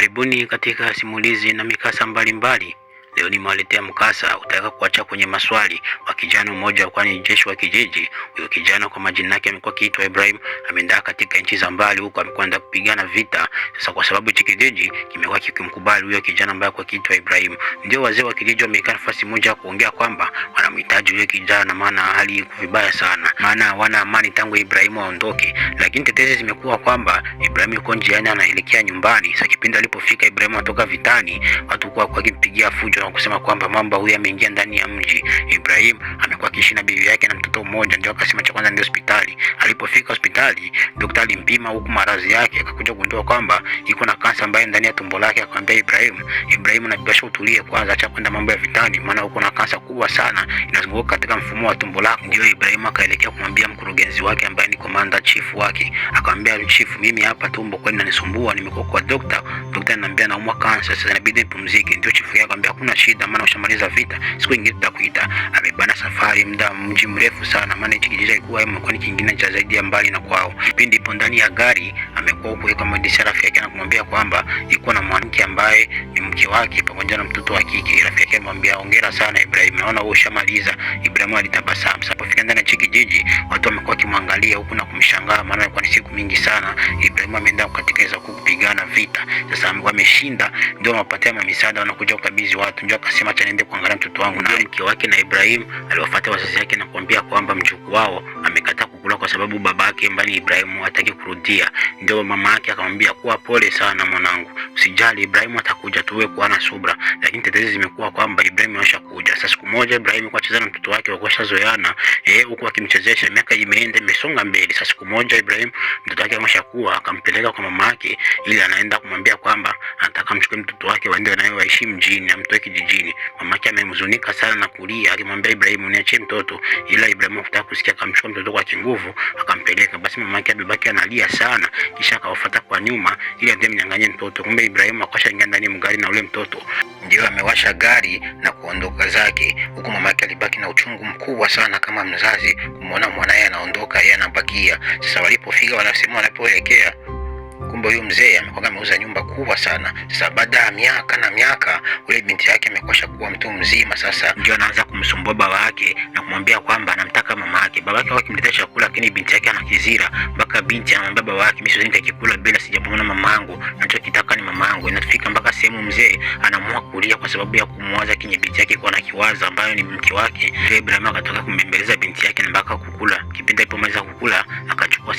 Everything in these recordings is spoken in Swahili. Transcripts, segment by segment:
Karibuni katika simulizi na mikasa mbalimbali mbali. Leo nimewaletea mkasa utaweka kuacha kwenye maswali kijana mmoja alikuwa ni jeshi wa kijiji. Huyo kijana kwa majina yake amekuwa kiitwa Ibrahim, ameenda katika nchi za mbali huko, amekwenda kupigana vita. Sasa kwa sababu hichi kijiji kimekuwa kikimkubali huyo kijana ambaye kwa kiitwa Ibrahim, ndio wazee wa kijiji wamekaa nafasi moja kuongea kwamba wanamhitaji huyo kijana, maana hali iko vibaya sana, maana hawana amani tangu Ibrahim aondoke. Lakini tetezi zimekuwa kwamba Ibrahim yuko njiani anaelekea nyumbani. Sasa kipindi alipofika Ibrahim atoka vitani, watu kwa kwa kimpigia fujo na kusema kwamba mamba huyu ameingia ndani ya mji Ibrahim amekuwa akiishi na bibi yake na mtoto mmoja, ndio akasema cha kwanza ndio hospitali. Alipofika hospitali, daktari alimpima huku maradhi yake, akakuja kugundua kwamba iko na kansa ambayo ndani ya tumbo lake. Akamwambia Ibrahim, Ibrahim na bibi utulie kwanza, acha kwenda mambo ya vitani, maana uko na kansa kubwa sana inazunguka katika mfumo wa tumbo lako. Ndio Ibrahim akaelekea kumwambia mkurugenzi wake ambaye ni komanda chifu wake, akamwambia chifu, mimi hapa tumbo kwani nanisumbua, nimekuwa kwa daktari mkutana ananiambia naumwa kansa, sasa inabidi nipumzike. Ndio chifu yake akamwambia hakuna shida, maana ushamaliza vita, siku nyingine tutakuita. Amebana safari muda mji mrefu sana, maana hichi kijiji kilikuwa imekuwa ni kingine cha zaidi ya mbali na kwao. Pindi ipo ndani ya gari, amekuwa huko kama mwendesha rafiki yake anamwambia kwamba yuko na mwanamke ambaye ni mke wake pamoja na mtoto wa kike. Rafiki yake anamwambia hongera sana Ibrahim, naona wewe ushamaliza. Ibrahim alitabasamu ndani ya hiki kijiji watu wamekuwa wakimwangalia huku na kumshangaa, maana ilikuwa ni siku mingi sana Ibrahim ameenda kukatekeza kupigana vita. Sasa ameshinda, ndio anapatia misaada, wanakuja kukabidhi watu, ndio akasema acha niende kuangalia mtoto wangu. Na mke wake na Ibrahim aliwafuata wazazi wake na kuambia kwamba mjukuu wao amekata kwa sababu babake mbali Ibrahimu hataki kurudia. Ndio mama yake akamwambia kuwa pole sana mwanangu, usijali, Ibrahimu atakuja, tuwe kuwa na subra. Lakini tetezi zimekuwa kwamba Ibrahimu kuja. Sasa siku moja Ibrahimu kwa kucheza na mtoto wake walikuwa shazoeana, eh, huko akimchezesha, miaka imeenda imesonga mbele. Sasa siku moja Ibrahimu mtoto wake kuwa, akampeleka kwa mama yake ili anaenda kumwambia kwamba akamchukua mtoto wake waende naye waishi mjini, amtoe kijijini. Mama yake amemhuzunika sana na kulia, alimwambia Ibrahimu, niachie mtoto, ila Ibrahimu hakutaka kusikia, akamchukua mtoto kwa kinguvu akampeleka. Basi mama yake abibaki analia sana, kisha akawafuata kwa nyuma ili aende mnyang'anye mtoto. Kumbe Ibrahimu akasha ingia ndani mgari na ule mtoto ndio amewasha gari na kuondoka zake, huku yake alibaki na uchungu mkubwa sana kama mzazi kumwona mwanaye anaondoka, yeye anabakia. Sasa walipofika wanasema wanapoelekea Kumbe huyu mzee amekuwa ameuza nyumba kubwa sana. Sasa baada ya miaka na miaka, ule binti yake amekwisha kuwa mtu mzima, sasa ndio anaanza kumsumbua baba yake na kumwambia kwamba anamtaka mama yake. Baba yake akimletea chakula, lakini binti yake anakizira, mpaka binti anamwambia baba yake, mimi siwezi nikakula bila sijamwona mama yangu, nachokitaka ni mama yangu. Inafika mpaka sehemu mzee anaamua kulia kwa sababu ya kumwaza kinye binti yake kwa na kiwaza ambayo ni mke wake. Ibrahim akatoka kumbembeleza binti yake na mpaka kukula kipindi alipomaliza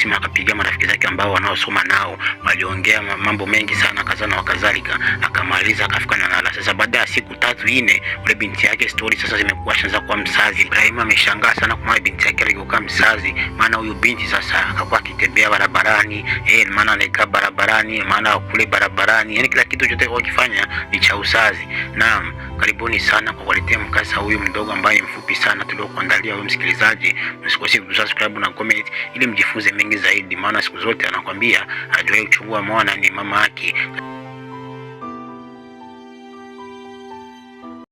simu akapigia marafiki zake ambao wanaosoma nao, waliongea mambo mengi sana kazana wa kadhalika, akamaliza akafika na lala. Sasa baada ya siku tatu nne, ule binti yake story sasa zimekuwa shanza kuwa msazi. Ibrahim ameshangaa sana kwa binti yake ameuka mzazi, maana huyu binti sasa akakuwa akitembea barabarani eh, maana anaika barabarani, maana kule barabarani, yani kila kitu chote kifanya ni cha uzazi. Naam, karibuni sana kwa kuletea mkasa huyu mdogo ambaye mfupi sana tuliokuandalia wewe msikilizaji. Msikose kusubscribe na comment ili mjifunze mengi zaidi, maana siku zote anakwambia hajawahi kuchukua mwana ni mama yake.